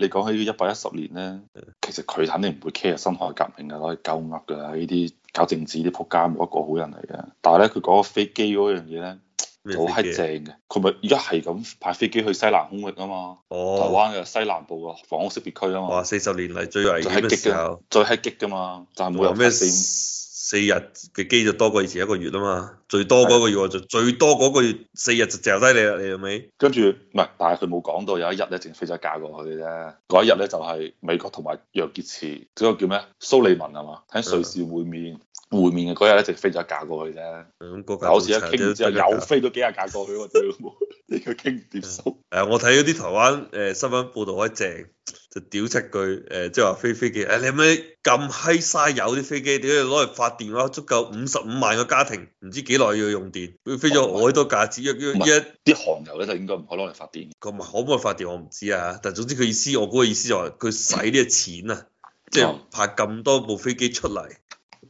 你講起呢一百一十年咧，其實佢肯定唔會 care 辛亥革命噶，攞去鳩噏噶啦。依啲搞政治啲仆街，冇一個好人嚟嘅。但係咧，佢講個飛機嗰樣嘢咧，好閪正嘅。佢咪一係咁派飛機去西南空域啊嘛，台灣嘅西南部嘅防空識別區啊嘛。話四十年嚟最危險嘅時候，最閪激㗎嘛，就係冇咩線。四日嘅機就多過以前一個月啊嘛，最多嗰個月我就是的 最多嗰個月四日就掟低你啦，你係咪？跟住唔係，但係佢冇講到有一日咧，淨係飛咗架過去嘅啫。嗰一日咧就係、是、美國同埋楊潔篪嗰個叫咩？蘇利文係嘛？喺瑞士會面。會面嘅嗰日，一直飛咗一架過去啫。咁嗰好似一傾之後又飛咗幾架過去，我真係呢個傾唔掂數。誒，我睇嗰啲台灣誒新聞報道一正，就屌柒佢，誒、就是，即係話飛飛機，誒，你咪咁閪嘥油啲飛機，點解攞嚟發電嘅話，足夠五十五萬個家庭，唔知幾耐要用電？佢飛咗好多架，只一、啊、啲航、啊、油咧就應該唔可攞嚟發電。佢唔可唔可以發電我唔知啊，但總之佢意思，我估嘅意思就係佢使呢個錢啊，即係 說 拍咁多部飛機出嚟。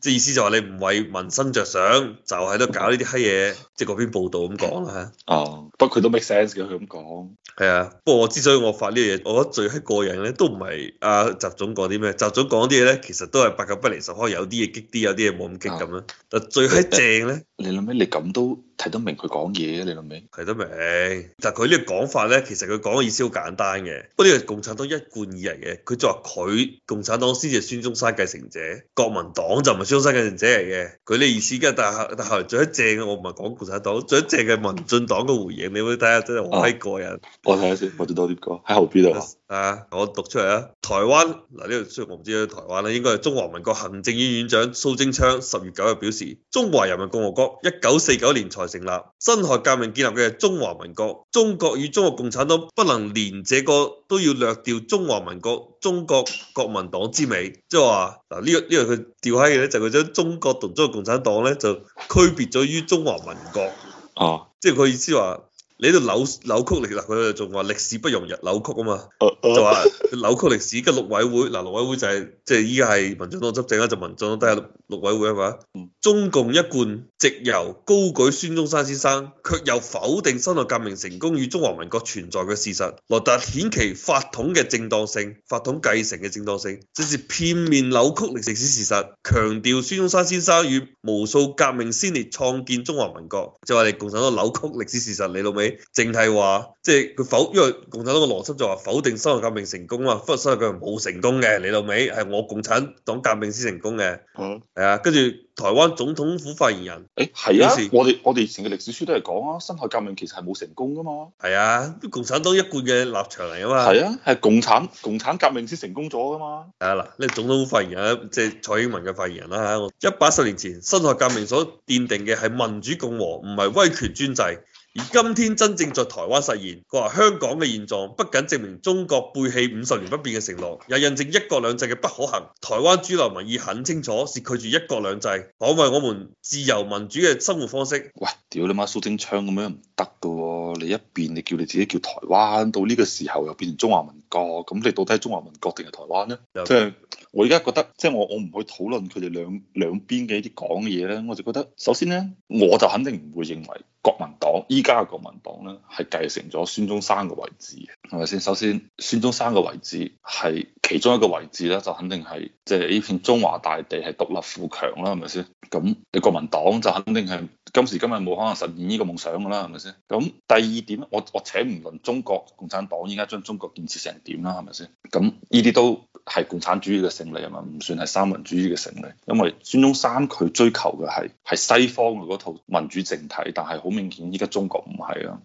即係意思就話你唔為民生着想，就喺度搞呢啲閪嘢，即係嗰邊報導咁講啦。哦，不過佢都 make sense 嘅，佢咁講。係啊，不過我之所以我發呢樣嘢，我覺得最閪過癮嘅咧，都唔係阿習總講啲咩，習總講啲嘢咧，其實都係八九不離十開，有啲嘢激啲，有啲嘢冇咁激咁啦。啊、但最閪正咧，你諗咩？你咁都～睇得明佢講嘢嘅，你諗唔諗？睇得明，但係佢呢個講法咧，其實佢講嘅意思好簡單嘅。不過呢個共產黨一貫以嚟嘅，佢就話佢共產黨先至係孫中山繼承者，國民黨就唔係孫中山繼承者嚟嘅。佢呢意思跟但係但係最後最正嘅，我唔係講共產黨，最正嘅民進黨嘅回應，你會睇下真係好閪過人，我睇下先，我仲多啲講喺後邊度啊。我讀出嚟啊，台灣嗱呢個雖然我唔知喺台灣啦，應該係中華民國行政院院長蘇貞昌十月九日表示，中華人民共和國一九四九年才成立，辛亥革命建立嘅中華民國，中國與中國共產黨不能連這個都要略掉中華民國中國國民黨之美，即係話嗱呢個呢、呢個佢掉閪嘅咧，就佢將中國同中國共產黨咧就區別咗於中華民國，啊，即係佢意思話。你度扭曲扭曲歷史，佢就仲話歷史不容人扭曲啊嘛，oh, oh, oh. 就話扭曲歷史。嘅陸委會嗱，陸委會就係即係依家係民進黨執政啦，就是、民進黨，但係陸委會啊嘛。中共一貫藉由高舉孫中山先生，卻又否定辛亥革命成功與中華民國存在嘅事實，來凸顯其法統嘅正當性、法統繼承嘅正當性，即是片面扭曲歷史事實，強調孫中山先生與無數革命先烈創建中華民國。就話你共產黨扭曲歷史事實，你老味。淨係話，即係佢否，因為共產黨嘅邏輯就話否定辛亥革命成功啊，不過辛亥革命冇成功嘅你到尾，係我共產黨革命先成功嘅，係、嗯、啊，跟住台灣總統府發言人，誒係、欸、啊，是我哋我哋以前嘅歷史書都係講啊，辛亥革命其實係冇成功噶嘛，係啊，共產黨一貫嘅立場嚟啊嘛，係啊，係共產共產革命先成功咗噶嘛，係啦、啊，呢個總統府發言人即係蔡英文嘅發言人啦，一百一十年前辛亥革命所奠定嘅係民主共和，唔係威權專制。而今天真正在台灣實現，佢話香港嘅現狀不僅證明中國背棄五十年不變嘅承諾，又印證一國兩制嘅不可行。台灣主流民意很清楚是拒絕一國兩制，捍衛我們自由民主嘅生活方式。喂，屌你媽蘇貞昌咁樣唔得㗎喎！你一邊，你叫你自己叫台灣，到呢個時候又變成中華民國，咁你到底係中華民國定係台灣呢？即係我而家覺得，即係我我唔去討論佢哋兩兩邊嘅一啲講嘢咧，我就覺得首先咧，我就肯定唔會認為。國民黨依家嘅國民黨咧，係繼承咗孫中山嘅位置，係咪先？首先，孫中山嘅位置係其中一個位置咧，就肯定係即係呢片中華大地係獨立富強啦，係咪先？咁你國民黨就肯定係今時今日冇可能實現呢個夢想㗎喇，係咪先？咁第二點，我我請唔論中國共產黨依家將中國建設成點啦，係咪先？咁呢啲都。係共產主義嘅勝利啊嘛，唔算係三民主義嘅勝利，因為孫中山佢追求嘅係係西方嘅嗰套民主政體，但係好明顯而家中國唔係啦。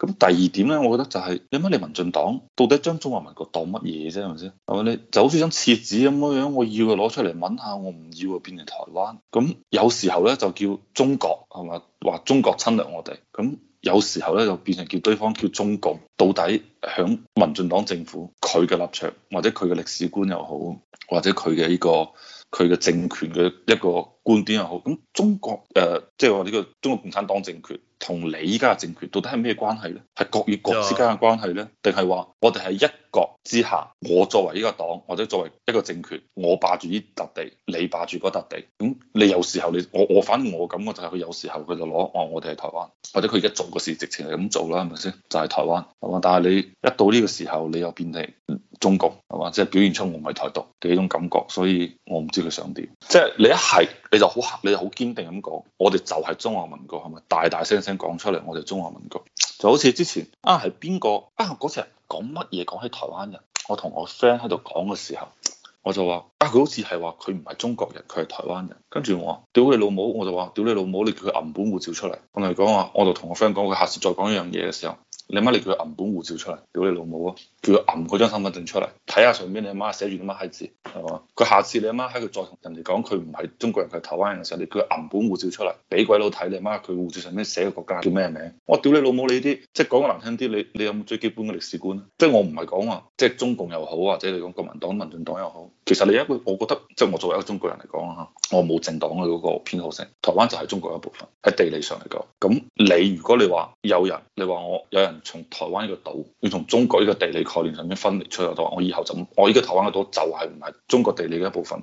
咁第二點咧，我覺得就係點解你民進黨到底將中華民國當乜嘢啫？係咪先？係你就好似張廁紙咁樣，我要就攞出嚟問下，我唔要就變成台灣。咁有時候咧就叫中國係嘛，話中國侵略我哋。咁有時候咧就變成叫對方叫中國。到底響民進黨政府佢嘅立場，或者佢嘅歷史觀又好，或者佢嘅呢個佢嘅政權嘅一個觀點又好，咁中國誒，即係話呢個中國共產黨政權。同你依家嘅政權到底係咩關係呢？係國與國之間嘅關係呢？定係話我哋係一國之下，我作為一個黨或者作為一個政權，我霸住呢笪地，你霸住嗰笪地。咁、嗯、你有時候你我我反正我感覺就係佢有時候佢就攞哦，我哋係台灣，或者佢而家做嘅事直情係咁做啦，係咪先？就係、是、台灣，係嘛？但係你一到呢個時候，你又變嚟中國係嘛？即係、就是、表現出我唔係台獨嘅一種感覺，所以我唔知佢想點。即、就、係、是、你一係你就好，你就好堅定咁講，我哋就係中華民國係咪？大大聲聲。講出嚟，我哋中華民國就好似之前啊，係邊個啊嗰次講乜嘢講起台灣人，我同我 friend 喺度講嘅時候，我就話啊佢好似係話佢唔係中國人，佢係台灣人，跟住我話屌你老母，我就話屌你老母，你叫佢銀本護照出嚟，我同佢講話，我就同我 friend 講佢下次再講一樣嘢嘅時候。你阿媽你叫佢銀本護照出嚟，屌你老母啊！叫佢揞嗰張身份證出嚟，睇下上面你阿媽寫住啲乜閪字，係嘛？佢下次你阿媽喺佢再同人哋講佢唔係中國人，佢係台灣人嘅時候，你叫佢銀本護照出嚟，俾鬼佬睇，你阿媽佢護照上面寫嘅國家叫咩名？我屌你老母你啲，即係講個難聽啲，你你有冇最基本嘅歷史觀咧？即係我唔係講啊，即係中共又好，或者你講國民黨、民進黨又好，其實你一個我覺得，即係我作為一個中國人嚟講啊，我冇政黨嘅嗰個偏好性。台灣就係中國一部分，喺地理上嚟講。咁你如果你話有人，你話我有人。從台灣呢個島，要從中國呢個地理概念上面分離出嚟，就我以後就我依個台灣嘅島就係唔係中國地理嘅一部分，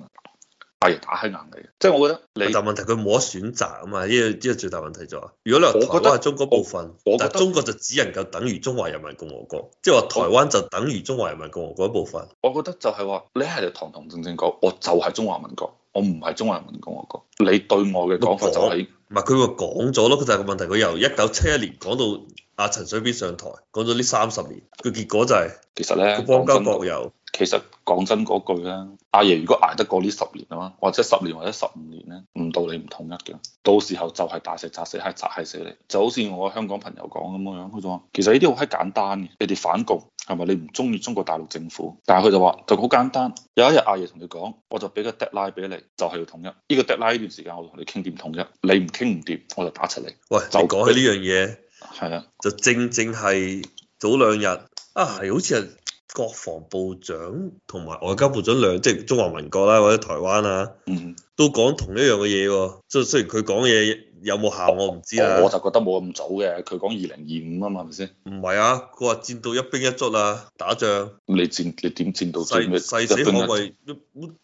係打開眼嚟嘅。即係我覺得你，但問題佢冇得選擇啊嘛！呢個呢個最大問題就係，如果你話台灣係中國部分，我覺得，我我覺得中國就只能夠等於中華人民共和國，即係話台灣就等於中華人民共和國一部分。我覺得就係話，你係堂堂正正講，我就係中華民國，我唔係中華人民共和國。你對我嘅講法就係。唔係佢話講咗咯，佢就係個問題，佢由一九七一年講到阿陳水扁上台，講咗呢三十年，個結果就係其實咧，個邦交國又其實講真嗰句啦，阿爺如果捱得過呢十年啊嘛，或者十年或者十五年咧，唔到你唔統一嘅，到時候就係大石砸死蟹，砸係死你，就好似我香港朋友講咁樣，佢就話其實呢啲好閪簡單嘅，你哋反共。係咪你唔中意中國大陸政府？但係佢就話就好簡單。有一日阿爺同你講，我就俾個 deadline 俾你，就係、是、要統一。呢、這個 deadline 呢段時間我判判，我同你傾掂統一，你唔傾唔掂，我就打柒你。喂，就講起呢樣嘢，係啊的，就正正係早兩日啊，係好似係國防部長同埋外交部長兩，即係中華民國啦、啊、或者台灣啊，嗯哼，都講同一樣嘅嘢喎。雖雖然佢講嘢。有冇效、哦、我唔知啊我，我就覺得冇咁早嘅，佢講二零二五啊嘛，係咪先？唔係啊，佢話、嗯、戰到一兵一卒啊，打仗。你戰你點戰到最尾？細細死我鬼！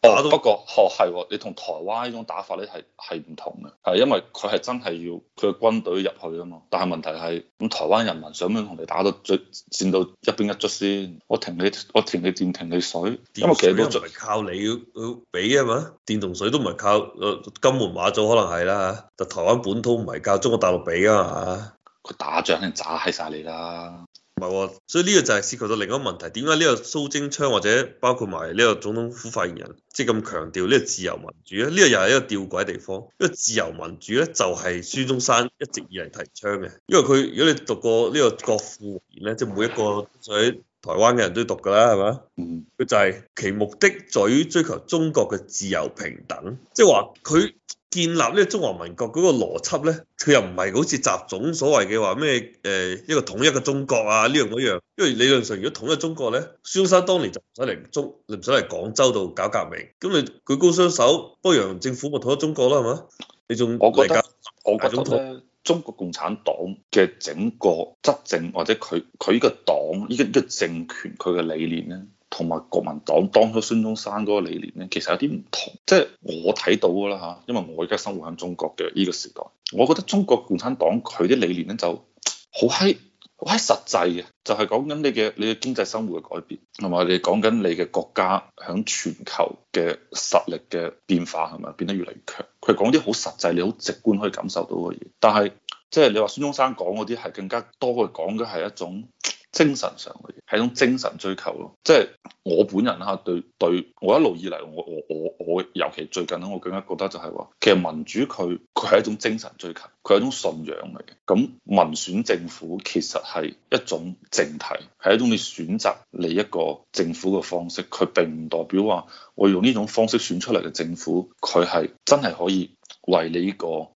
哦，不過哦係喎，你同台灣呢種打法咧係係唔同嘅。係因為佢係真係要佢嘅軍隊入去啊嘛，但係問題係咁台灣人民想唔想同你打到最戰到一兵一卒先？我停你我停你電停，停你水，因為其實都唔係靠你俾啊嘛，電同水都唔係靠金門馬祖可能係啦就台灣。本土唔係教中國大陸比噶嘛，佢打仗肯定炸閪曬你啦。唔係喎，哦、所以呢個就係涉及到另一個問題。點解呢個蘇貞昌或者包括埋呢個總統府發言人，即係咁強調呢個自由民主咧？呢個又係一個吊詭地方。因為自由民主咧，就係孫中山一直以嚟提倡嘅。因為佢如果你讀過呢個國父言咧，即係每一個在台灣嘅人都讀㗎啦，係咪？佢就係其目的在於追求中國嘅自由平等，即係話佢。建立咧中華民國嗰個邏輯咧，佢又唔係好似習總所謂嘅話咩誒，一個統一嘅中國啊呢樣嗰樣，因為理論上如果統一中國咧，孫生當年就唔使嚟中，你唔使嚟廣州度搞革命，咁你舉高雙手，北洋政府咪統一中國啦，係嘛？你仲我覺得，我覺得咧，中國共產黨嘅整個執政或者佢佢依個黨依個依個政權佢嘅理念咧。同埋國民黨當初孫中山嗰個理念咧，其實有啲唔同，即係我睇到㗎啦嚇，因為我而家生活喺中國嘅呢個時代，我覺得中國共產黨佢啲理念咧就好閪好閪實際嘅，就係講緊你嘅你嘅經濟生活嘅改變，同埋你講緊你嘅國家喺全球嘅實力嘅變化係咪變得越嚟越強？佢講啲好實際，你好直觀可以感受到嘅嘢，但係。即係你話孫中山講嗰啲係更加多嘅講嘅係一種精神上嘅嘢，係一種精神追求咯。即係我本人啦，對對我，我一路以嚟我我我我，尤其最近啦，我更加覺得就係話，其實民主佢佢係一種精神追求，佢係一種信仰嚟嘅。咁民選政府其實係一種政體，係一種你選擇你一個政府嘅方式。佢並唔代表話我用呢種方式選出嚟嘅政府，佢係真係可以為你呢個誒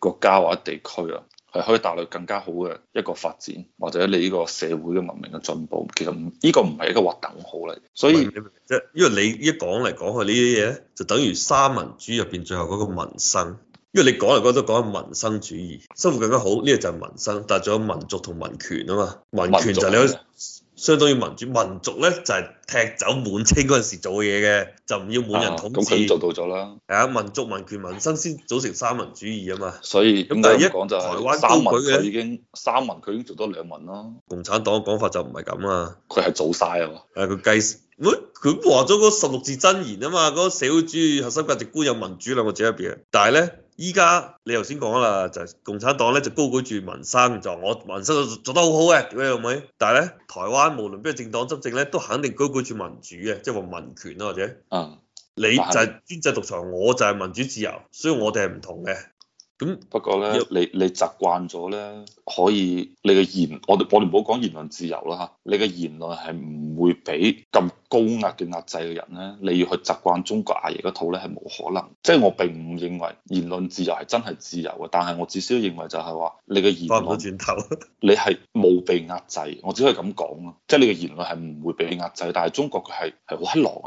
國家或者地區啊。係可以帶嚟更加好嘅一個發展，或者你呢個社會嘅文明嘅進步，其實呢個唔係一個劃等號嚟。所以，即係因為你一講嚟講去呢啲嘢，就等於三民主義入邊最後嗰個民生。因為你講嚟講都講緊民生主義，生活更加好，呢個就係民生。但仲有民族同民權啊嘛，民權就係你。相當於民主民族咧，就係、是、踢走滿清嗰陣時做嘢嘅，就唔要滿人統治。咁佢、啊嗯、做到咗啦。係啊，民族、民權、民生先組成三民主義啊嘛。所以咁但係一講就係、是、台灣三民佢已經三民佢已經做多兩民咯。共產黨嘅講法就唔係咁啊，佢係做曬啊嘛。係佢、啊、計，唔佢話咗嗰十六字真言啊嘛，嗰、那個、社會主義核心價值觀有民主兩個字入邊啊，但係咧。而家你頭先講啦，就係共產黨咧就高舉住民生，就我民生做，做得好好嘅，你又咪？但係咧，台灣無論邊個政黨執政咧，都肯定高舉住民主嘅，即係話民權啊，或者。你就係專制獨裁，我就係民主自由，所以我哋係唔同嘅。咁、嗯、不過咧，嗯、你你習慣咗咧，可以你嘅言，我我哋唔好講言論自由啦嚇，你嘅言論係唔會俾咁高壓嘅壓制嘅人咧，你要去習慣中國阿爺嗰套咧係冇可能。即、就、係、是、我並唔認為言論自由係真係自由嘅，但係我至少認為就係話你嘅言，翻到轉頭，你係冇被壓制，我只可以咁講咯。即、就、係、是、你嘅言論係唔會俾壓制，但係中國佢係係好黑狼。